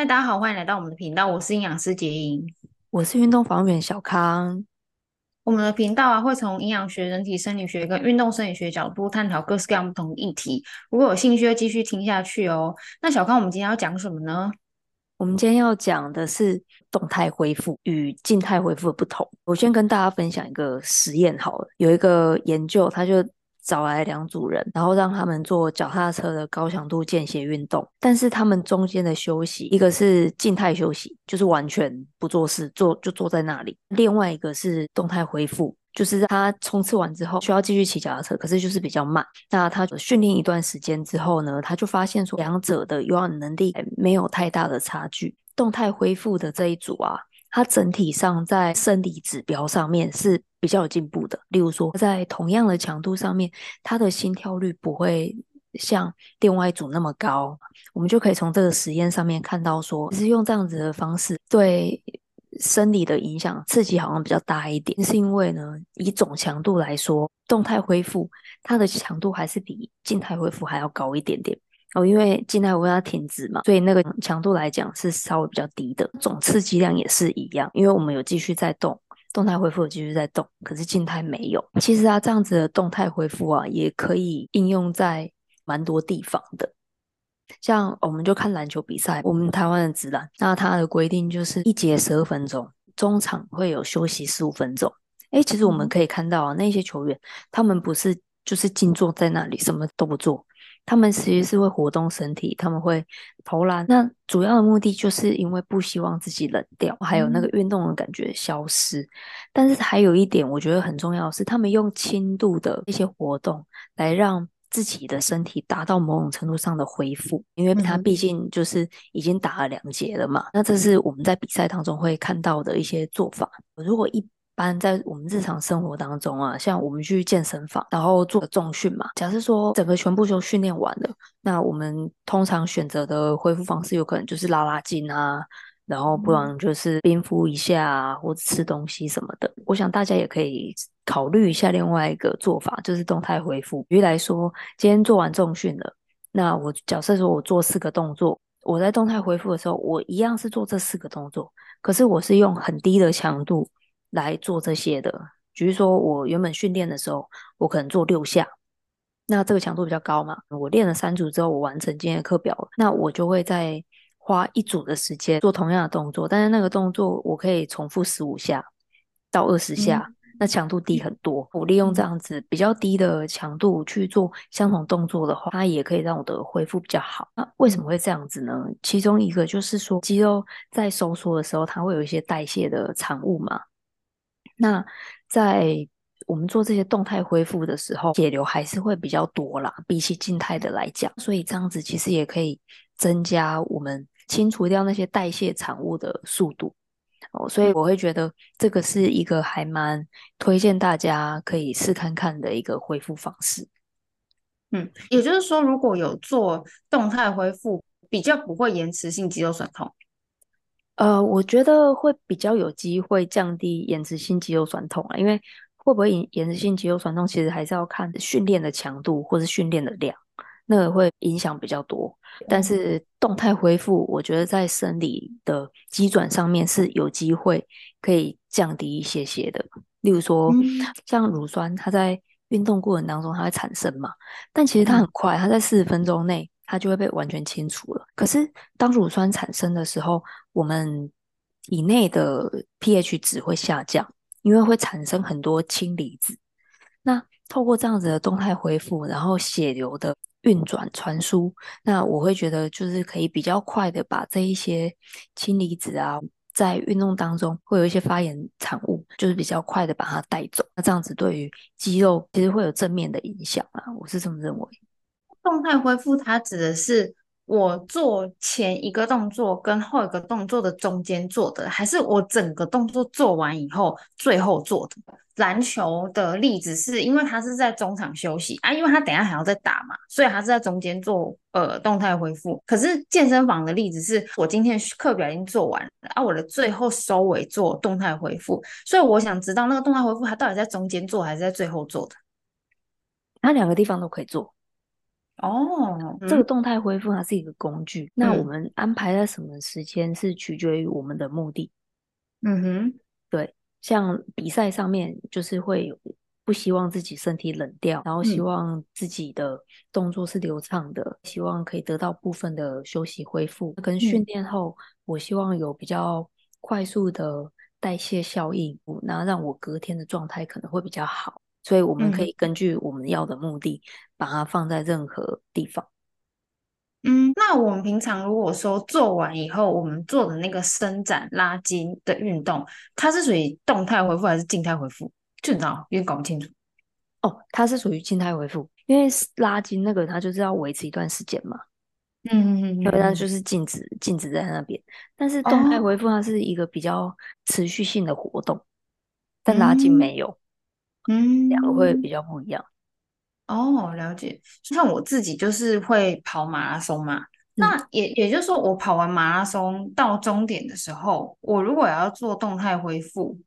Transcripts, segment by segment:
嗨，大家好，歡迎來到我們的頻道。我是營養師傑英，我是運動輔導員小康。我們的頻道啊，會從營養學、人體生理學跟運動生理學角度探討各式各樣不同的議題。如果有興趣，就繼續聽下去哦。那小康，我們今天要講什麼呢？我們今天要講的是動態恢復與靜態恢復的不同。我先跟大家分享一個實驗好了，有一個研究，它就，找來兩組人，然後讓他們做腳踏車的高強度間歇運動，但是他們中間的休息，一個是靜態休息，就是完全不做事，坐就坐在那裡；另外一個是動態恢復，就是他衝刺完之後需要繼續騎腳踏車，可是就是比較慢。那他訓練一段時間之後呢，他就發現說兩者的有氧能力沒有太大的差距。動態恢復的這一組啊。它整體上在生理指標上面是比較有進步的，例如說在同樣的強度上面，它的心跳率不會像另外一組那麼高。我們就可以從這個實驗上面看到說，其實用這樣子的方式對生理的影響刺激好像比較大一點，是因為呢，以總強度來說，動態恢復它的強度還是比靜態恢復還要高一點點。哦，因為靜態我讓他停止嘛，所以那個強度來講是稍微比較低的，總刺激量也是一樣。因為我們有繼續在動，動態恢復有繼續在動，可是靜態沒有。其實啊，這樣子的動態恢復啊，也可以應用在蠻多地方的。像我們就看籃球比賽，我們台灣的職籃，那它的規定就是一節十二分鐘，中場會有休息十五分鐘。哎，其實我們可以看到啊，那些球員他們不是就是靜坐在那裡什麼都不做。他們其實是會活動身體，他們會投籃。那主要的目的就是因為不希望自己冷掉，還有那個運動的感覺消失。嗯、但是還有一點，我覺得很重要的是，他們用輕度的一些活動來讓自己的身體達到某種程度上的恢復，因為他畢竟就是已經打了兩節了嘛。嗯、那這是我們在比賽當中會看到的一些做法。如果一一般在我們日常生活當中啊，像我們去健身房，然後做個重訓嘛。假設說整個全部都訓練完了，那我們通常選擇的恢復方式，有可能就是拉拉筋啊，然後不然就是冰敷一下啊，或者吃東西什麼的。我想大家也可以考慮一下另外一個做法，就是動態恢復。比如說，今天做完重訓了，那我假設說我做四個動作，我在動態恢復的時候，我一樣是做這四個動作，可是我是用很低的強度。來做這些的，比如說我原本訓練的時候，我可能做六下，那這個強度比較高嘛。我練了三組之後，我完成今天的課表，那我就會再花一組的時間做同樣的動作，但是那個動作我可以重複十五下到二十下，嗯，那強度低很多。我利用這樣子比較低的強度去做相同動作的話，它也可以讓我的恢復比較好。那為什麼會這樣子呢？其中一個就是說，肌肉在收縮的時候，它會有一些代謝的產物嘛。那在我們做這些動態恢復的時候，血流還是會比較多啦，比起靜態的來講，所以這樣子其實也可以增加我們清除掉那些代謝產物的速度哦，所以我會覺得這個是一個還蠻推薦大家可以試看看的一個恢復方式。嗯，也就是說，如果有做動態恢復，比較不會延遲性肌肉痠痛？呃，我覺得會比較有機會降低延遲性肌肉痠痛啊，因為會不會延延遲性肌肉痠痛，其實還是要看訓練的強度或是訓練的量，那個會影響比較多。但是動態恢復，我覺得在生理的機轉上面是有機會可以降低一些些的。例如說，嗯，像乳酸，它在運動過程當中它會產生嘛，但其實它很快，它在四十分鐘內。它就會被完全清除了。可是當乳酸產生的時候，我們體內的 pH 值會下降，因為會產生很多氫離子。那透過這樣子的動態恢復，然後血流的運轉傳輸，那我會覺得就是可以比較快的把這一些氫離子啊，在運動當中會有一些發炎產物，就是比較快的把它帶走。那這樣子對於肌肉其實會有正面的影響啊，我是這麼認為。動態恢復，它指的是我做前一個動作跟後一個動作的中間做的，還是我整個動作做完以後最後做的？籃球的例子是因為他是在中場休息啊，因為他等下還要再打嘛，所以他是在中間做呃動態恢復。可是健身房的例子是我今天課表已經做完了，啊，我的最後收尾做動態恢復，所以我想知道那個動態恢復它到底在中間做還是在最後做的？它兩個地方都可以做。哦、oh,，這個動態恢復它是一個工具、嗯，那我們安排在什麼時間是取決於我們的目的。嗯哼，對，像比賽上面就是會有不希望自己身體冷掉，然後希望自己的動作是流暢的，嗯、希望可以得到部分的休息恢復跟訓練後，我希望有比較快速的代謝效應，那讓我隔天的狀態可能會比較好。所以我們可以根據我們要的目的，把它放在任何地方。嗯，那我們平常如果說做完以後，我們做的那個伸展拉筋的運動，它是屬於動態恢復還是靜態恢復？就你知道，因為搞不清楚。哦，它是屬於靜態恢復，因為拉筋那個它就是要維持一段時間嘛。嗯嗯嗯，要不然就是靜止靜止在那邊。但是動態恢復它是一個比較持續性的活動，哦、但拉筋沒有。嗯嗯，兩個會比較不一樣。哦，了解。就像我自己就是會跑馬拉松嘛，嗯、那也也就是說，我跑完馬拉松到終點的時候，我如果要做動態恢復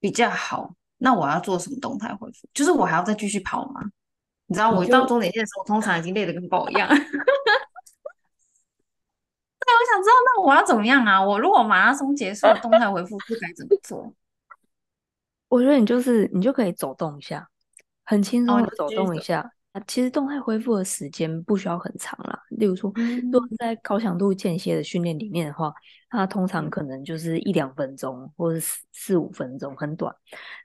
比較好，那我要做什麼動態恢復？就是我還要再繼續跑嗎？你知道，我到終點線的時候，通常已經累得跟狗一樣。 對，我想知道，那我要怎麼樣啊？我如果馬拉松結束了，動態恢復不該怎麼做？ 我覺得你就是你就可以走動一下，很輕鬆的走動一下啊、哦。其實動態恢復的時間不需要很長了。例如說，嗯、如果在高強度間歇的訓練裡面的話，它通常可能就是一兩分鐘或者是四五分鐘，很短。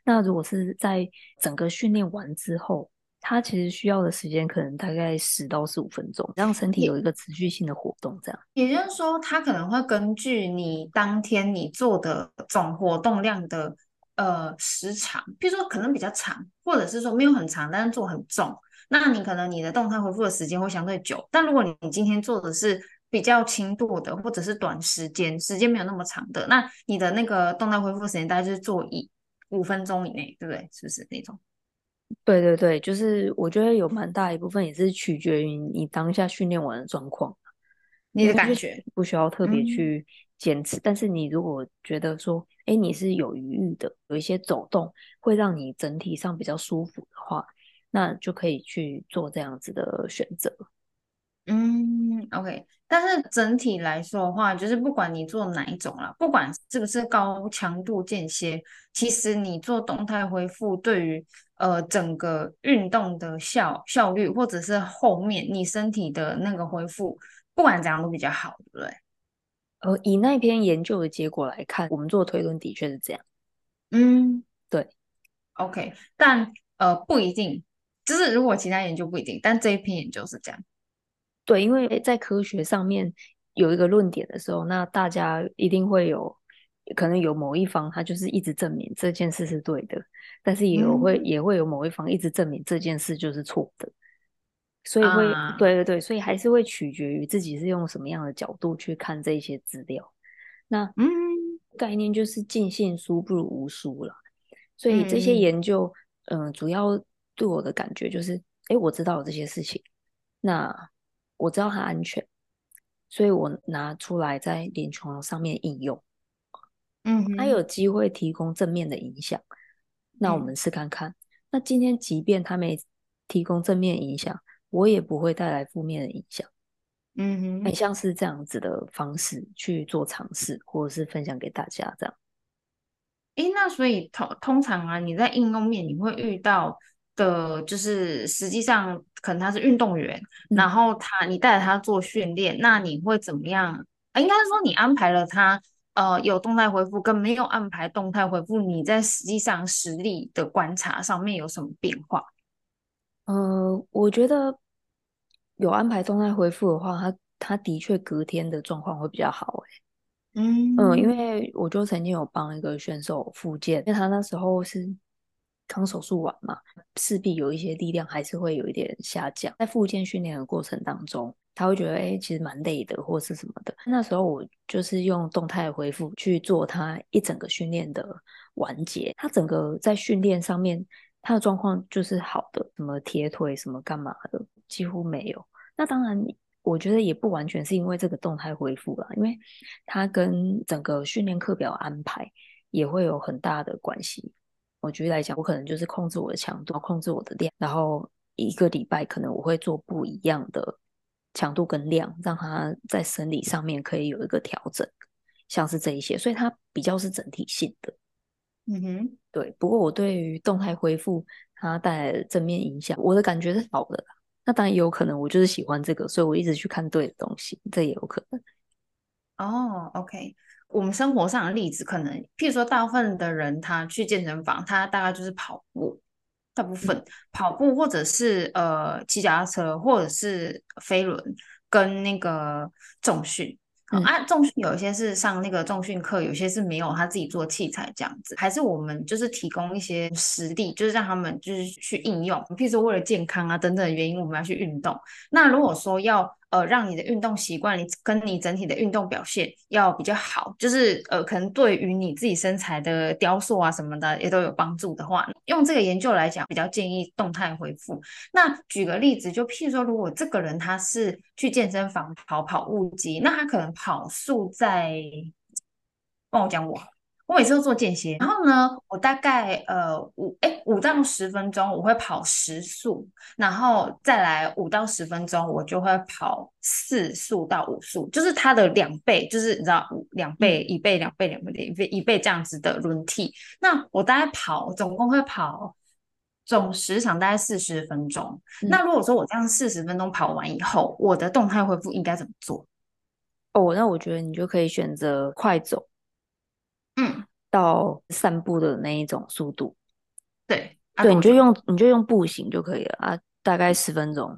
那如果是在整個訓練完之後，它其實需要的時間可能大概十到十五分鐘，讓身體有一個持續性的活動。這樣，也就是說，它可能會根據你當天你做的總活動量的。呃，時長，比如說可能比較長，或者是說沒有很長，但是做很重，那你可能你的動態恢復的時間會相對久。但如果你今天做的是比較輕度的，或者是短時間，時間沒有那麼長的，那你的那個動態恢復時間大概就是做一五分鐘以內，對不對？是不是那種？對對對，就是我覺得有蠻大一部分也是取決於你當下訓練完的狀況，你的感覺不需要特別去、嗯。堅持，但是你如果覺得說，誒，你是有餘裕的，有一些走動會讓你整體上比較舒服的話，那就可以去做這樣子的選擇。嗯，OK。但是整體來說的話，就是不管你做哪一種啦，不管是不是高強度間歇，其實你做動態恢復，對於呃整個運動的效效率，或者是後面你身體的那個恢復，不管怎樣都比較好，對不對？呃，以那篇研究的結果來看，我們做推論的確是這樣。嗯，對，OK，但呃不一定，就是如果其他研究不一定，但這一篇研究是這樣。對，因為在科學上面有一個論點的時候，那大家一定會有可能有某一方他就是一直證明這件事是對的，但是也有會、嗯、也會有某一方一直證明這件事就是錯的。所以會、啊，對對對，所以還是會取決於自己是用什麼樣的角度去看這些資料。那嗯，概念就是盡信書不如無書了。所以這些研究，嗯、呃，主要對我的感覺就是，誒，我知道有這些事情，那我知道很安全，所以我拿出來在臨床上面應用。嗯，它有機會提供正面的影響。那我們試看看，嗯、那今天即便它沒提供正面影響，我也不會帶來負面的影響，嗯哼，很像是這樣子的方式去做嘗試，或者是分享給大家這樣。誒、欸，那所以通通常啊，你在應用面你會遇到的，就是實際上可能他是運動員、嗯，然後他你帶着他做訓練，那你會怎麼樣？啊，應該是說你安排了他，呃，有動態回復跟沒有安排動態回復，你在實際上實力的觀察上面有什麼變化？呃，我覺得有安排動態恢復的話，他他的確隔天的狀況會比較好誒。嗯嗯，因為我就曾經有幫一個選手復健，因為他那時候是剛手術完嘛，勢必有一些力量還是會有一點下降。在復健訓練的過程當中，他會覺得誒、欸、其實蠻累的或是什麼的。那時候我就是用動態恢復去做他一整個訓練的完結，他整個在訓練上面，他的狀況就是好的，什麼鐵腿什麼幹嘛的幾乎沒有。那當然，我覺得也不完全是因為這個動態恢復啦，因為他跟整個訓練課表安排也會有很大的關係。我舉例來講，我可能就是控制我的強度，控制我的量，然後一個禮拜可能我會做不一樣的強度跟量，讓他在生理上面可以有一個調整，像是這一些，所以它比較是整體性的。嗯哼，對。不過我對於動態恢復它帶來的正面影響，我的感覺是好的。那當然也有可能，我就是喜歡這個，所以我一直去看對的東西，這也有可能。哦、oh，OK，我們生活上的例子，可能譬如說，大部分的人他去健身房，他大概就是跑步，大部分跑步或者是、嗯、呃騎腳踏車，或者是飛輪跟那個重訓。啊，重訓有一些是上那個重訓課，有些是沒有他自己做器材這樣子，還是我們就是提供一些實力，就是讓他們就是去應用，譬如說為了健康啊等等原因，我們要去運動。那如果說要呃，讓你的運動習慣，你跟你整體的運動表現要比較好，就是呃，可能對於你自己身材的雕塑啊什麼的也都有幫助的話，用這個研究來講，比較建議動態恢復。那舉個例子，就譬如說，如果這個人他是去健身房跑跑步機，那他可能跑速在，幫我講我。我每次都做間歇，然後呢，我大概呃五，哎五到十分鐘我會跑十速，然後再來五到十分鐘我就會跑四速到五速，就是它的兩倍，就是你知道五兩倍一倍、嗯、兩倍兩倍，兩倍一倍一倍這樣子的輪替。那我大概跑總共會跑總時長大概四十分鐘、嗯。那如果說我這樣四十分鐘跑完以後，我的動態恢復應該怎麼做？哦，那我覺得你就可以選擇快走。嗯，到散步的那一種速度，對對、啊，你就用、嗯、你就用步行就可以了啊，大概十分鐘、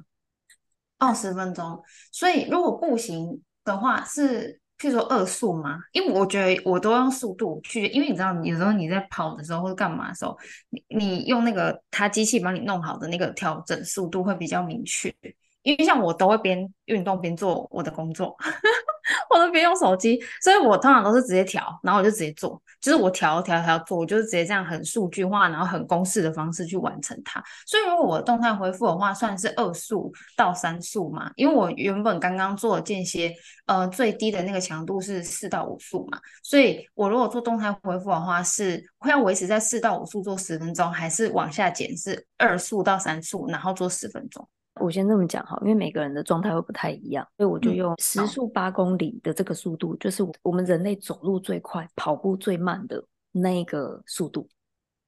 哦、十分鐘、二十分鐘。所以如果步行的話，是譬如說二速嗎？因為我覺得我都用速度去，因為你知道，有時候你在跑的時候或者幹嘛的時候，你，你用那個他機器幫你弄好的那個調整速度會比較明確。因為像我都會邊運動邊做我的工作。 我都別用手機，所以我通常都是直接調，然後我就直接做，就是我調調調做，我就是直接這樣很數據化，然後很公式的方式去完成它。所以如果我動態恢復的話，算是二速到三速嘛，因為我原本剛剛做間歇，呃，最低的那個強度是四到五速嘛，所以我如果做動態恢復的話，是會要維持在四到五速做十分鐘，還是往下減是二速到三速，然後做十分鐘？我先這麼講哈，因為每個人的狀態會不太一樣，所以我就用時速八公里的這個速度，就是我們人類走路最快、跑步最慢的那個速度。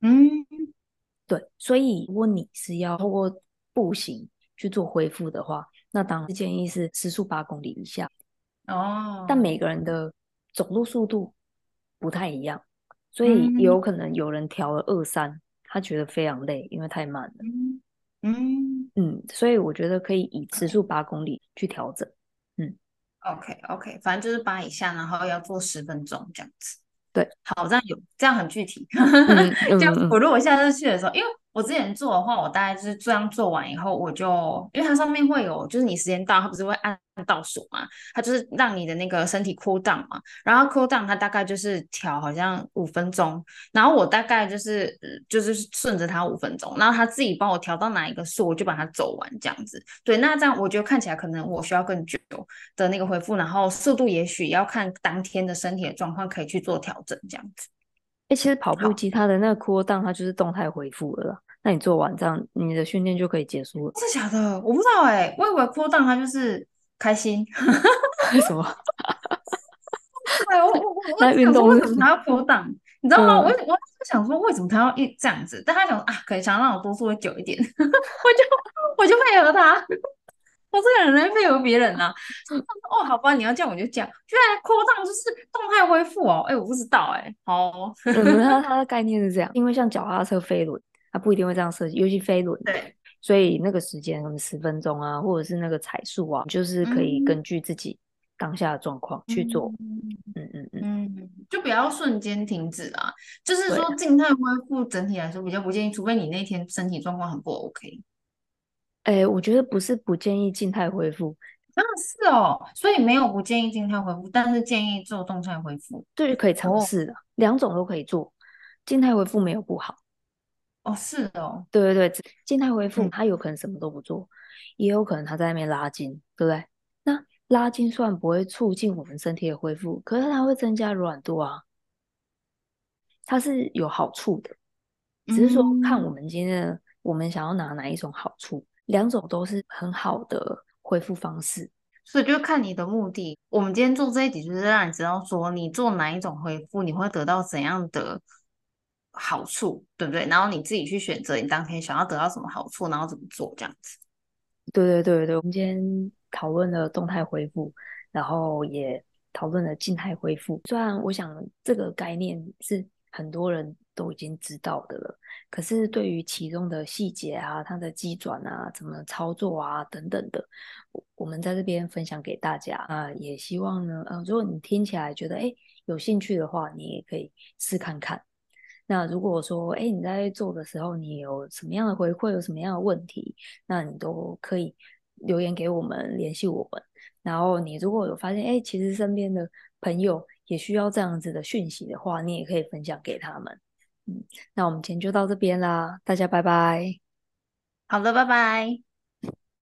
嗯，對。所以如果你是要透過步行去做恢復的話，那當然建議是時速八公里以下。哦。但每個人的走路速度不太一樣，所以有可能有人調了二三，3, 他覺得非常累，因為太慢了。嗯嗯嗯， 所以我覺得可以以時速八公里去調整，okay. 嗯，OK OK，反正就是八以下，然後要做十分鐘這樣子。對，好，這樣有這樣很具體、 嗯，這樣我如果下次去的時候，因、嗯、為。嗯我之前做的話，我大概就是這樣做完以後，我就，因為它上面會有，就是你時間到，它不是會按倒數嘛？它就是讓你的那個身體 cool down 嘛，然後 cool down 它大概就是調好像五分鐘，然後我大概就是就是順着它五分鐘，然後它自己幫我調到哪一個數，我就把它走完這樣子。對，那這樣我覺得看起來可能我需要更久的那個恢復，然後速度也許要看當天的身體的狀況，可以去做調整這樣子。欸、其實跑步機它的那個 cool down，它就是動態恢復了。那你做完這樣，你的訓練就可以結束了。是假的？我不知道哎、欸，我以為 cool down 它就是開心。 為什麼？ 哎，我我我我， 我為什麼他要 cool down？ 你知道嗎？嗯、我我我想說，為什麼他要一這樣子？但他想啊，可以想讓我多做久一點， 我就我就配合他。我、哦，這個人來配合別人啊，哦，哦，好吧，你要這樣我就這樣，居然擴張就是動態恢復哦、啊，哎、欸，我不知道哎、欸，好、哦嗯， 它的概念是這樣，因為像腳踏車飛輪，它不一定會這樣設計，尤其飛輪，對，所以那個時間嗯、十分鐘啊，或者是那個踩數啊，就是可以根據自己當下的狀況去做，嗯嗯嗯，嗯，嗯，就不要瞬間停止啊，就是說靜態恢復整體來說比較不建議，啊，除非你那天身體狀況很不 OK。哎，我覺得不是不建議靜態恢復，那是哦，所以沒有不建議靜態恢復，但是建議做動態恢復，對，可以嘗試的、哦、兩種都可以做，靜態恢復沒有不好哦，是哦，對對對，靜態恢復、嗯、它有可能什麼都不做，也有可能它在那邊拉筋，對不對？那拉筋雖然不會促進我們身體的恢復，可是它會增加軟度啊，它是有好處的，只是說、嗯、看我們今天我們想要拿哪一種好處。兩種都是很好的恢復方式，所以就看你的目的。我們今天做這一集，就是讓你知道說你做哪一種恢復，你會得到怎樣的好處，對不對？然後你自己去選擇，你當天想要得到什麼好處，然後怎麼做，這樣子。對對對對，我們今天討論了動態恢復，然後也討論了靜態恢復。雖然我想這個概念是很多人都已經知道的了，可是對於其中的細節啊，它的機轉啊，怎麼操作啊，等等的，我們在這邊分享給大家啊，也希望呢，啊，如果你聽起來覺得誒有興趣的話，你也可以試看看。那如果說誒你在做的時候，你有什麼樣的回饋，有什麼樣的問題，那你都可以留言給我們，聯繫我們。然後你如果有發現誒其實身邊的朋友也需要這樣子的訊息的話，你也可以分享給他們。嗯，那我們今天就到這邊啦，大家拜拜。好的，拜拜。